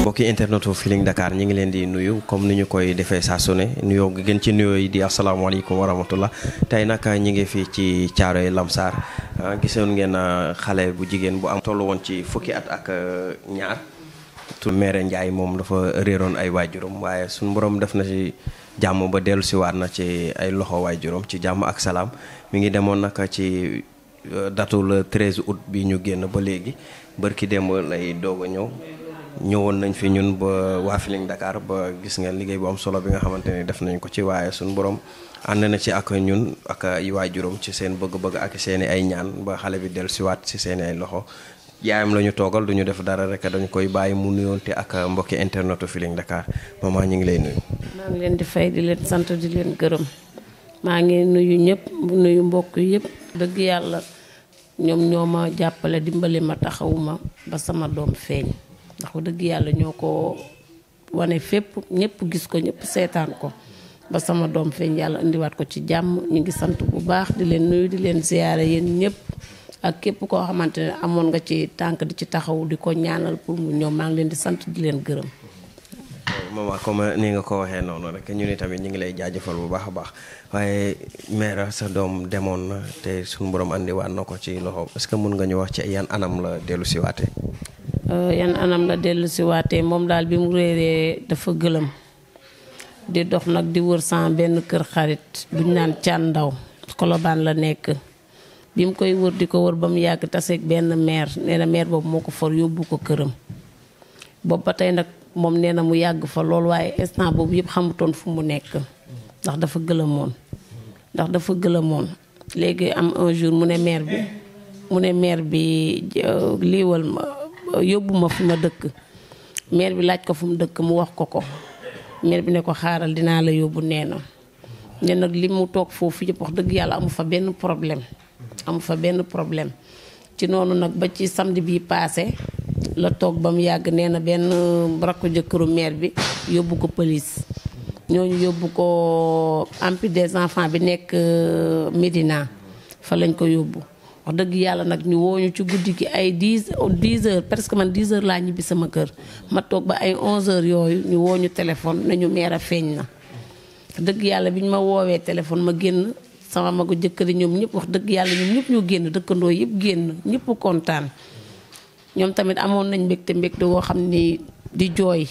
mbokki internetu Feeling Dakar ñi ngi leen di nuyu comme ni ñu koy defee saa su nuyoo gi gën ci nuyoo yi di asalaamaaleykum wa rahmatullah tey nag ah, ñi ngi fii ci caaro Caaroy Lamsaar ah, gisoon ngeen ah, xale bu jigéen bu am toll woon ci fukki at ak ñaar tu mere Ndiaye moom dafa réeroon ay waajuram waaye suñu mboroom def na ci jàmm ba dellu si waat na ci ay loxo waajuram ci jàmm ak salaam mi ngi demoon nag ci datu le 13 août bi ñu génn ba léegi bërki démb lay doog a ñëw ñëwoon nañ fi ñun ba waa Feeling ndakaar ba gis nga liggéey boom solo bi nga xamante ne def nañ ko ci waaye suñu borom ànd na ci ak ñun ak ay juróom ci seen bëgg-bëgg ak seeni ay ñaan ba xale bi dellusiwaat si seen i ay loxo yaayam la ñu toogal duñu def dara rek dañu koy bàyyi mu nuyoonte ak mbokki internetu Feeling Dakar maman ñu ngi lay nuyu. di fay di leen sant di leen gërëm maa ngi nuyu ñëpp nuyu mbokk yëpp. dëgg yàlla ñoom ñoo ma jàppale dimbali ma taxawuma ba sama doom feeñ. ndax dëgg yàlla ñoo ko wane fépp ñëpp gis ko ñëpp seetaan ko ba sama doom feeñ yàlla indiwaat ko ci jàmm ñu ngi sant bu baax di leen nuyu di leen ziyaare yéen ñëpp ak képp koo xamante ne amoon nga ci tànk di ci taxaw di ko ñaanal pour mu ñëw maa ngi leen di sant di leen gërëm maman comme ni nga ko waxee noonu rek ñu ni tamit ñu ngi lay jaajëfal bu baax a baax waaye mère sa doom demoon na te suñu borom andiwaat na ko ci loxo est que mun nga ñu wax ci yan anam la dellu si waatee. Euh, yan anam la dellu si waatee moom daal bi mu réeree dafa gëlëm di dox nag di wër sans benn kër xarit buñ naan caan ndaw kolobaan la nekk. bi mu koy wër di ko wër ba mu yàgg taseeg benn meer nee na meer boobu moo ko for yóbbu ko këram boobu ba tey nag moom nee na mu yàgg fa loolu waaye instant boobu yëpp xamutoon fu mu nekk ndax dafa gëlëmoon ndax dafa gëlëmoon léegi am un jour mu ne maire bi mu ne maire bi euh, liiwal ma yóbbu ma fi ma dëkk maire bi laaj ko fu mu dëkk mu wax ko ko maire bi ne ko xaaral dinaa la yóbbu nee na ne li mu toog foofu yëpp wax dëgg yàlla amu fa benn problème amu fa benn problème ci noonu nag ba ci samedi bii paase la toog ba mu yàgg nee na benn rakku jëkkëru maire bi yóbbu ko police ñooñu yóbbu ko amphi des enfants bi nekk euh, Médina fa lañ ko yóbbu wax dëgg yàlla nag ñu wooñu ci guddi gi ay dix dix parce que man dix heures laa ñibbi sama kër ma toog ba ay onze heures yooyu ñu wooñu téléphone nañu meer a feeñ na dëgg yàlla bi ñu ma woowee téléphone ma génn sama magu jëkkëri ñoom ñëpp wax dëgg yàlla ñoom ñëpp ñu génn dëkkandoo yëpp génn ñëpp kontaan ñoom tamit amoon nañ mbégte mbégte woo xam ni di jooy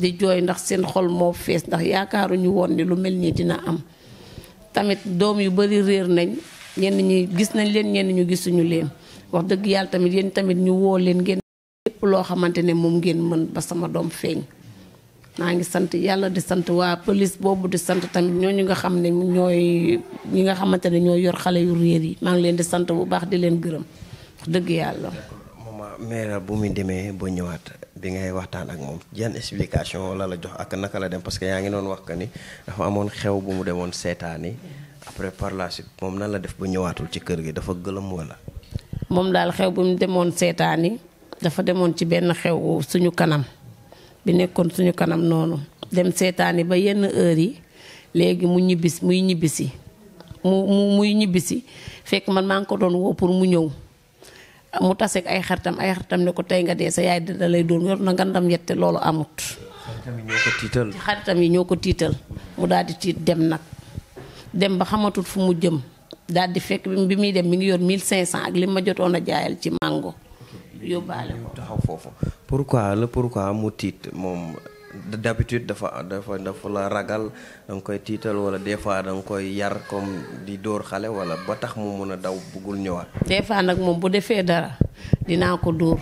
di jooy ndax seen xol moo fees ndax yaakaaruñu woon ni lu mel nii dina am tamit doom yu bari réer nañ ñenn ñi gis nañ leen ñenn ñu gisuñu leen wax dëgg yàlla tamit yéen tamit ñu woo leen ngeen lépp loo xamante ne moom ngeen mën ba sama doom feeñ maa ngi sant yàlla di sant waa police boobu di sant tamit ñooñu nga xam ne ñooy ñi nga xamante ne ñoo yor xale yu réer yi maa ngi leen di sant bu baax di leen gërëm dëgg yàlla mais bu muy demee ba ñëwaat bi ngay waxtaan ak moom yan explication la la jox ak naka la dem parce que yaa ngi doon wax que ni dafa amoon xew bu mu demoon seetaani après par moom nan la def ba ñëwaatul ci kër gi dafa gëlëm wala. moom daal xew bu demoon seetaani dafa demoon ci benn xew suñu kanam bi nekkoon suñu kanam noonu dem seetaani ba yenn heure yi léegi mu ñibbis muy ñibbisi mu muy ñibbisi fekk man maa ngi ko doon woo pour mu ñëw. mu taseeg ay xaritam ay xaritam ne ko tey nga dee sa yaay da lay doon yor na nga ndam yette loolu amut. xaritam yi ñoo ko tiital mu daal di tiit dem nag dem ba xamatul fu mu jëm daal di fekk bi muy dem mi ngi yoon yor 1500 ak li ma jotoon a jaayal ci mango yóbbaale ko. taxaw foofu pourquoi la pourquoi mu tiit moom d'habitude dafa dafa dafa la ragal da nga koy tiital wala des fois da koy yar comme di dóor xale wala ba tax mu mën a daw bëggul ñëwaat. des fois nag moom bu defee dara dinaa ko dóor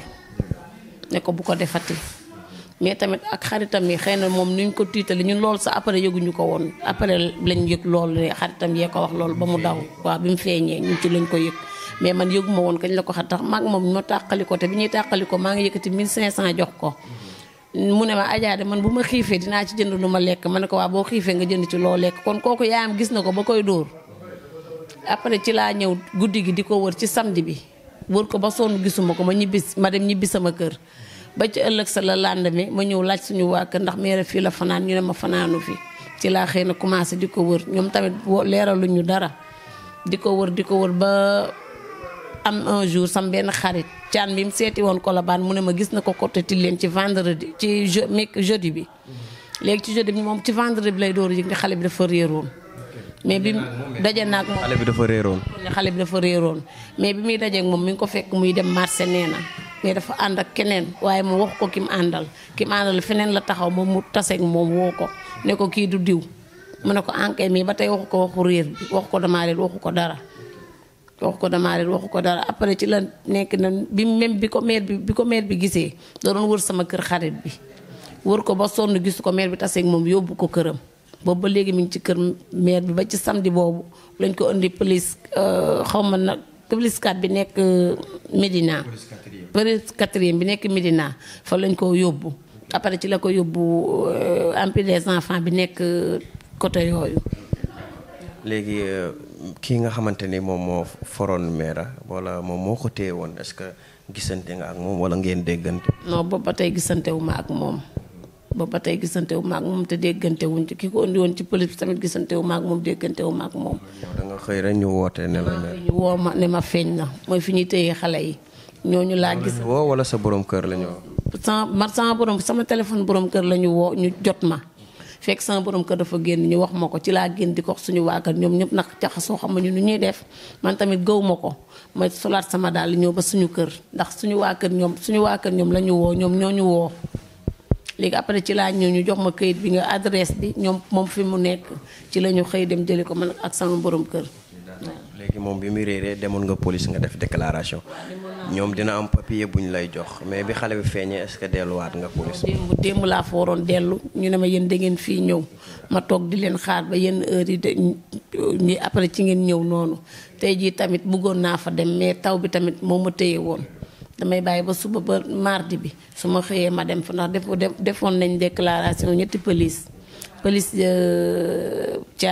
ne ko bu ko defati mais tamit ak xaritam yi xëy na moom ñu ko tiitali ñun loolu sax après yëguñu ko woon après lañ yëg loolu xaritam yee ko wax loolu ba mu daw waaw bi mu feeñee ñun ci lañ ko yëg mais man yëguma woon kañ la ko xat tax mag moom ñu tàqali ko te bi ñuy tàqali ko maa ngi yëkkati 1500 jox ko. mu ne ma Adja de man bu ma xiifee dinaa ci jënd lu ma lekk ma ne ko waa boo xiifee nga jënd ci loo lekk kon kooku yaayam gis na ko ba koy dóor après ci laa ñëw guddi gi di ko wër ci samedi bi wër ko ba sonn gisuma ko ma ñibbis ma dem ñibbi sama kër ba ci ëllëg sa la mi ma ñëw laaj suñu waa ndax meere fii la fanaan ñu ne ma fanaanu fi ci laa xëy na commencé di ko wër ñoom tamit leeraluñu dara di ko wër di ko wër am un jour sam benn xarit caan bi mu seeti woon ko la Colobane mu ne ma gis na ko côté Tilène ci vendredi ci je jeudi bi. léegi ci jeudi bi moom ci vendredi bi lay door yëg ne xale bi dafa réeroon. mais bi daje naag dafa réeroon. xale bi dafa réeroon mais bi muy dajeeg moom mi ngi ko fekk muy dem marché neena na mais dafa ànd ak keneen waaye mu wax ko ki mu àndal ki mu àndal feneen la taxaw moom mu taseek moom woo ko ne ko kii du diw mu ne ko enquête mais ba tey waxu ko waxu réer waxu ko damaa réer waxu ko dara. waxu ko damaa leen waxu ko dara après ci la nekk na bi même bi ko maire bi bi ko bi gisee da doon wër sama kër xarit bi wër ko ba sonn gis ko maire bi taseeg moom yóbbu ko këram boobu ba léegi mu ngi ci kër maire bi ba ci samedi boobu lañ ko indi police euh, xaw ma nag police kat bi nekk euh, Médina police quatrième bi nekk Médina fa lañ ko yóbbu après ci la ko yóbbu empire euh, des enfants bi nekk côté yooyu kii nga xamante ni moom moo foroon meera wala moom moo ko téye woon est que gisante nga ak moom wala ngeen déggante. non boobu ba tey gisante wu ma ak moom. boobu ba tey gisante wu te déggante wuñ ko indi ci police tamit gisante wu ma ak moom déggante ak moom. da xëy rek ñu woote ne ñu woo ma ne ma feeñ na mooy fi ñuy téye xale yi. ñooñu laa gis. woo wala sa borom kër la ñu woo. sama sama sama téléphone borom kër la ñu woo ñu jot ma. fekk sama borom kër dafa génn ñu wax ma ko ci laa génn di ko suñu waa kër ñoom ñëpp nag jaxasoo ñu nu ñuy def man tamit gëw ma ko ma solaat sama daal ñëw ba suñu kër ndax suñu waa kër ñoom suñu waa ñoom la ñu woo ñoom ñoo ñu woo léegi après ci laa ñoo ñu jox ma kayit bi nga adresse bi ñoom moom fi mu nekk ci la ñu xëy dem jëli ko man ak sama boroom kër. léegi moom bi mu réeree demoon nga police nga def déclaration. ñoom dina am papier bu ñu lay jox mais bi xale bi feeñee est delluwaat nga police. démb démb laa fa waroon dellu ñu ne ma yéen da ngeen fii ñëw ma toog di leen xaar ba yenn heure yi de ñi après ci ngeen ñëw noonu tey jii tamit bëggoon naa fa dem mais taw bi tamit moo ma téye woon. damay bàyyi ba suba ba mardi bi su ma xëyee ma dem fa ndax def defoon nañ déclaration ñetti police police euh, yi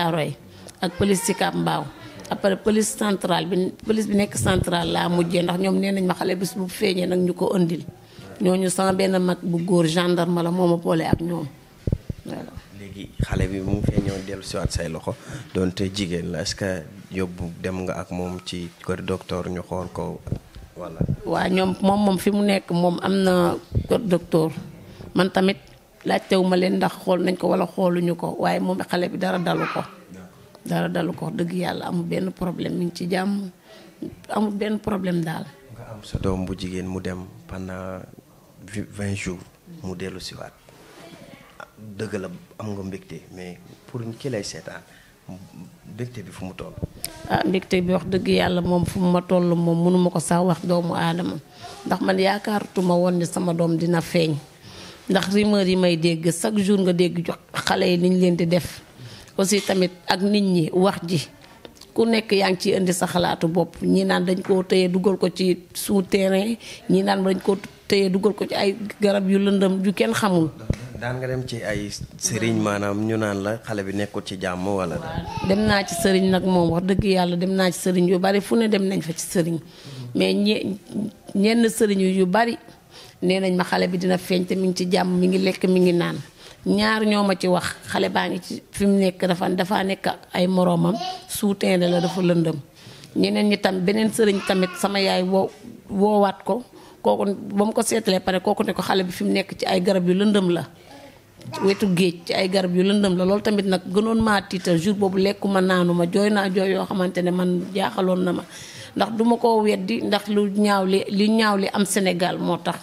ak police Sicap Mbao après police centrale bi police bi nekk centrale laa mujjee ndax ñoom nee nañ ma xale bis bu feeñee nag ñu ko ëndil ñooñu sama benn mag bu góor gendarme la moom ma boole ak ñoom voilà. léegi xale bi mu feeñoo dellu siwaat say loxo donte jigéen la est que yóbbu dem nga ak moom ci kër docteur ñu xool ko walla. waa ñoom moom moom fi mu nekk moom am na kër docteur man tamit laajtewu ma leen ndax xool nañ ko walla xooluñu ko waaye moom xale bi dara dalu ko. dara dalu ko dëgg yàlla amul benn problème mu ngi ci jàmm amul benn problème daal. nga am sa doom bu jigéen mu dem pendant vingt jours mu dellu si waat dëgg la mbégte mais pour ki lay seetaan mbégte bi fu mu toll. ah mbégte bi wax dëgg yàlla moom fu mu ma toll moom mënuma ko sax wax doomu aadama ndax man yaakaartuma woon ni sama doom dina feeñ ndax rumeur yi may dégg chaque jour nga dégg jox xale yi niñ leen di def. aussi tamit ak nit ñi wax ji ku nekk yaa ngi ciy indi sa xalaatu bopp ñi naan dañ koo tëyee dugal ko ci sous terrain ñi naan dañ koo téye dugal ko ci ay garab yu lëndëm yu kenn xamul. daan nga dem ci ay sëriñ maanaam ñu naan la xale bi nekkul ci jàmm wala. dem naa ci sëriñ nag moom wax dëgg yàlla dem naa ci sëriñ yu bari fu ne dem nañ fa ci sëriñ mais ñe ñenn sëriñ yu bari nee nañ ma xale bi dina feeñ te mi ngi ci jàmm mi ngi lekk mi ngi naan. ñaar ñoo ma ci wax xale baa ngi ci fi mu nekk dafa dafa nekk ay moroomam suuteen la dafa lëndëm ñeneen ñi tam beneen sëriñ tamit sama yaay woo woowaat ko kooku ba mu ko seetalee pare kooku ne ko xale bi fi mu nekk ci ay garab yu lëndëm la wetu géej ci ay garab yu lëndëm la loolu tamit nag gënoon maa tiital jour boobu lekkuma naanu ma jooy naa jooy yoo xamante ne man jaaxaloon na ma ndax duma ko weddi ndax lu ñaaw li li ñaaw li am Sénégal moo tax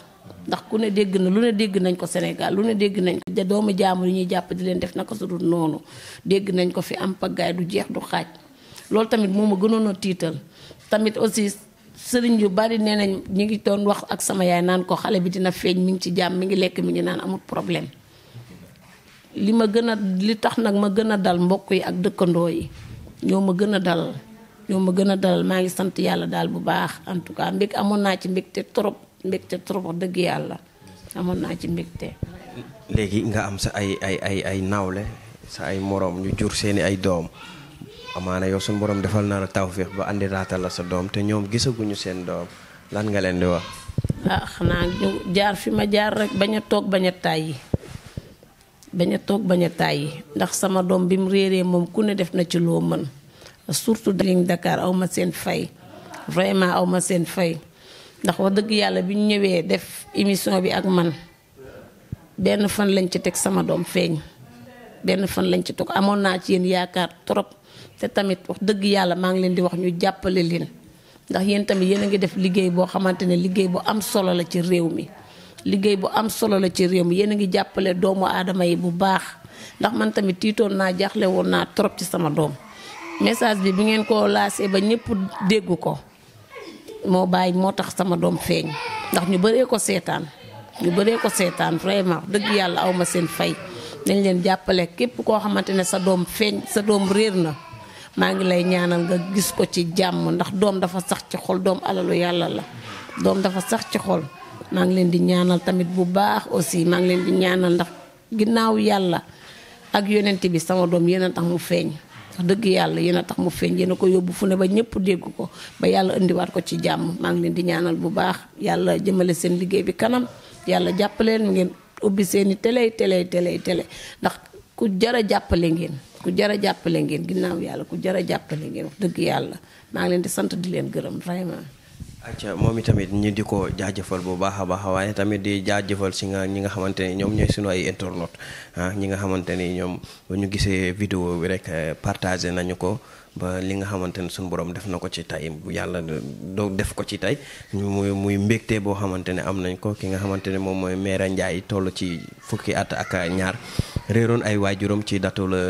ndax ku ne dégg na lu ne dégg nañ ko Sénégal lu ne dégg nañ ko doomu jaamu yi ñuy jàpp di leen def na ko dul noonu dégg nañ ko fi am paggaay du jeex du xaaj loolu tamit moom ma gënoon a tiital tamit aussi sëriñ yu bari nee nañ ñu ngi doon wax ak sama yaay naan ko xale bi dina feeñ mi ngi ci jàmm mi ngi lekk mi ngi naan amul problème li ma gën a li tax nag ma gën a dal mbokk yi ak dëkkandoo yi ñoo ma gën a dal ñoo ma gën a dalal maa ngi sant yàlla daal bu baax en tout cas mbég amoon naa ci mbégte trop. mbégte trop wax dëgg yàlla amoon naa ci mbégte. léegi nga am sa ay ay ay nawle sa ay moroom ñu jur seeni ay doom amaana yow suñu borom defal na la tawféex ba andi raatal la sa doom te ñoom gisaguñu seen doom lan nga leen di wax. ah xanaa jaar fi ma jaar rek bañ a toog bañ a tàyyi toog bañ a ndax sama doom bi mu réeree moom ku ne def na ci loo mën surtout Dakar aw ma seen fay vraiment aw ma seen fay. ndax wax dëgg yàlla bi ñu ñëwee def émission bi ak man benn fan lañ ci teg sama doom feeñ benn fan lañ ci toog amoon naa ci yéen yaakaar trop te tamit wax dëgg yàlla maa ngi leen di wax ñu jàppale leen ndax yéen tamit yéen a ngi def liggéey boo xamante ne liggéey bu am solo la ci réew mi liggéey bu am solo la ci réew mi yéen a ngi jàppale doomu aadama yi bu baax ndax man tamit tiitoon naa jaaxle woon naa trop ci sama doom message bi bi ngeen ko laasee ba ñëpp dégg ko moo bàyyi moo tax sama doom feeñ ndax ñu bëree ko seetaan ñu bëree ko seetaan vraiment dëgg yàlla aw ma seen fay dañ leen jàppale képp koo xamante ne sa doom feeñ sa doom réer na maa ngi lay ñaanal nga gis ko ci jàmm ndax doom dafa sax ci xol doom alalu yàlla la doom dafa sax ci xol maa ngi leen di ñaanal tamit bu baax aussi maa ngi leen di ñaanal ndax ginnaaw yàlla ak yonent bi sama doom yéen tax mu feeñ tax dëgg yàlla yéen a tax mu feeñ yéen a ko yóbbu fu ne ba ñëpp dégg ko ba yàlla indiwaat ko ci jàmm maa ngi leen di ñaanal bu baax yàlla jëmale seen liggéey bi kanam yàlla jàppaleen ngeen ubbi seen i télé télé télé télé ndax ku jar a jàppale ngeen ku jar a jàppale ngeen ginnaaw yàlla ku jar a jàppale ngeen wax dëgg yàlla maa ngi leen di sant di leen gërëm vraiment acca moom itamit ñu di ko jaajafal bu baax a baax a waaye tamit di jaajëfal si nga ñi nga xamante ni ñoom ñooy suñu ay internautes ah ñi nga xamante ni ñoom bu ñu gisee video bi rek eh, partagé nañu ko ba li nga xamante ne suñu borom def na ko ci tey yàlla do def ko ci tey ñu muy muy mbégte boo xamante ne am nañ ko ki nga xamante ne moom mooy Mère Ndiaye toll ci fukki at ak ñaar réeroon ay waajuram ci datu la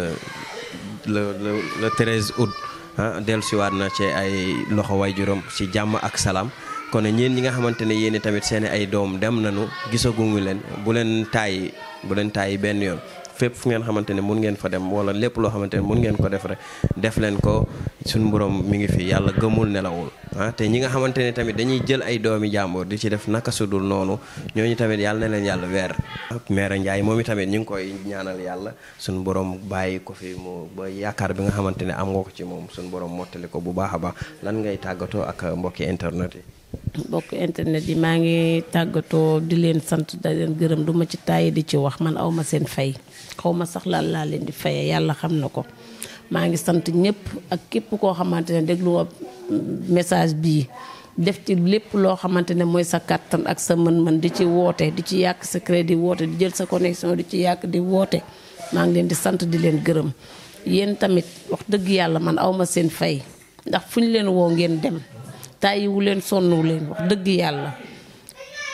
le le le 13 août. Ah, dellusiwaat na cee ay loxo waay waajuram ci jàmm ak salaam kon ñeen ñi nga xamante ne yéen tamit seen ay doom dem nañu gisaguñu leen bu leen tàyyi bu leen tàyyi benn yoon fépp fu ngeen xamante ne mun ngeen fa dem wala lépp loo xamante ne mun ngeen ko def rek def leen ko suñu borom mi ngi fi yàlla gëmul nelawul ah te ñi nga xamante ne tamit dañuy jël ay doomi jàmbur di ci def naka sudul noonu ñooñu tamit yàlla na yàlla weer maire Ndiaye moom i tamit ñu ngi koy ñaanal yàlla suñu borom bàyyi ko fi mu ba yaakaar bi nga xamante ne am nga ko ci moom suñu borom mottali ko bu baax a baax lan ngay tàggatoo ak mbokki internet yi mbokk internet yi maa ngi tàggatoo di leen sant da leen gërëm du ma ci tàyyi di ci wax man awma seen fay xaw ma sax lan laa leen di faye yàlla xam na ko maa ngi sant ñëpp ak képp koo xamante ne dégluwa message bii def ci lépp loo xamante ne mooy sa kàttan ak sa mën-mën di ci woote di ci yàq sa crédit woote di jël sa connexion di ci yàq di woote maa ngi leen di sant di leen gërëm yéen tamit wax dëgg yàlla man awma seen fay ndax fu ñu leen woo ngeen dem tàyyiwu leen sonnuwu leen wax dëgg yàlla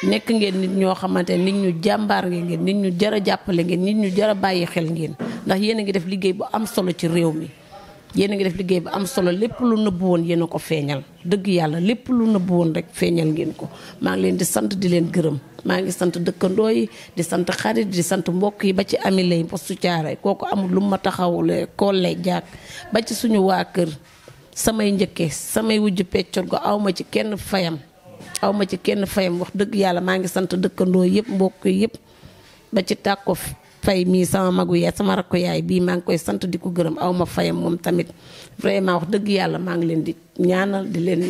nekk ngeen nit ñoo xamante ne nit ñu jàmbaar ngeen nit ñu jar a jàppale ngeen nit ñu jar a bàyyi xel ngeen ndax yéen a ngi def liggéey bu am solo ci réew mi yéen a ngi def liggéey bu am solo lépp lu nëbbu woon yéen a ko feeñal dëgg yàlla lépp lu nëbbu woon rek feeñal ngeen ko maa ngi leen di sant di leen gërëm maa ngi sant dëkkandoo yi di sant xarit di sant mbokk yi ba ci ami lay postu caare kooku amul lu ma taxawle kolle jaak ba ci suñu waa kër samay njëkke samay wujj go aw ma ci kenn fayam aw ma ci kenn fayam wax dëgg yàlla maa ngi sant dëkkandoo yëpp mbokk yëpp ba ci tàkko fi fay mii sama magu yaay sama rakku yaay bii maa ngi koy sant di ko gërëm aw ma fayam moom tamit vraiment dëgg yàlla maa ngi leen di ñaanal di leen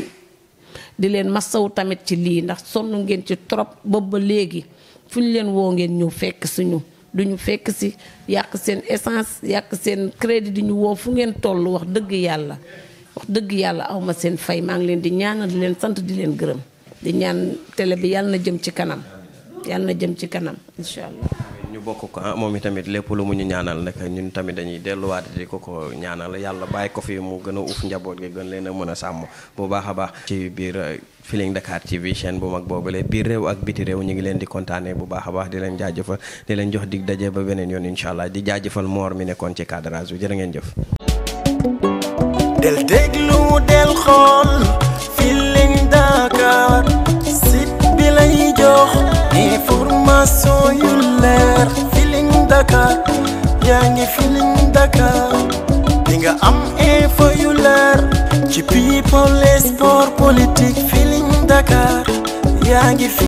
di leen masawu tamit ci lii ndax sonn ngeen ci trop boobu ba léegi fu ñu leen woo ngeen ñëw fekk suñu du ñu fekk si yàq seen essence yàkk seen crédit di ñu woo fu ngeen toll wax dëgg yàlla wax dëgg yàlla aw ma seen fay maa ngi leen di ñaanal di leen sant di leen gërëm di ñaan tele bi yàlla na jëm ci kanam yàlla na jëm ci kanam ñu bokk ko ah moom itamit lépp lu mu ñu ñaanal nag ñun tamit dañuy delluwaat di ko ko ñaanal yàlla bàyyi ko fi mu gën a uuf njaboot gi gën leen a mën a sàmm bu baax a baax ci biir euh, Feeling Dakar TV chaîne bu mag boobule biir réew ak biti réew ñu ngi leen di kontaane bu baax baax di leen jaajëfal di leen jox dig daje ba beneen yoon incha allah di jaajëfal moor mi nekkoon ci cadrage bi jërë ngeen jëf del déglu del xool Feeling Dakar site bi lay information yu leer Feeling Dakar yaa ngi Feeling Dakar di nga am info